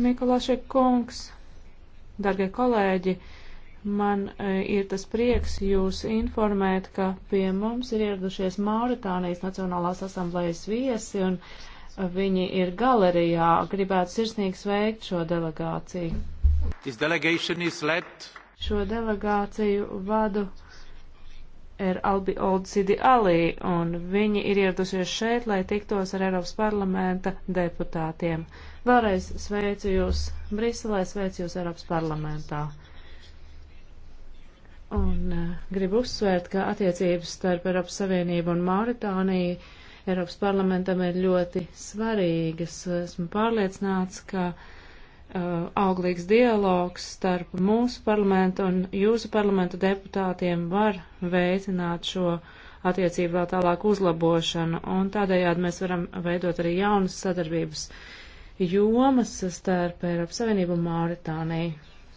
Mikulašie kungs, dargie kolēģi, man e, ir tas prieks jūs informēt, ka pie mums ir ieradušies Mauritānijas Nacionālās asamblējas viesi un e, viņi ir galerijā. Gribētu sirsnīgi sveikt šo delegāciju. Šo delegāciju vadu ir Albi Old Sidi Ali, un viņi ir ieradusies šeit, lai tiktos ar Eiropas parlamenta deputātiem. Vēlreiz sveicu jūs Briselē, sveicu jūs Eiropas parlamentā. Un uh, gribu uzsvērt, ka attiecības starp Eiropas Savienību un Mauritāniju Eiropas parlamentam ir ļoti svarīgas. Esmu pārliecināts, ka uh, Uh, auglīgs dialogs starp mūsu parlamentu un jūsu parlamentu deputātiem var veicināt šo attiecību vēl tālāk uzlabošanu, un tādējādi mēs varam veidot arī jaunas sadarbības jomas starp Eiropas Savienību un Mauritāniju.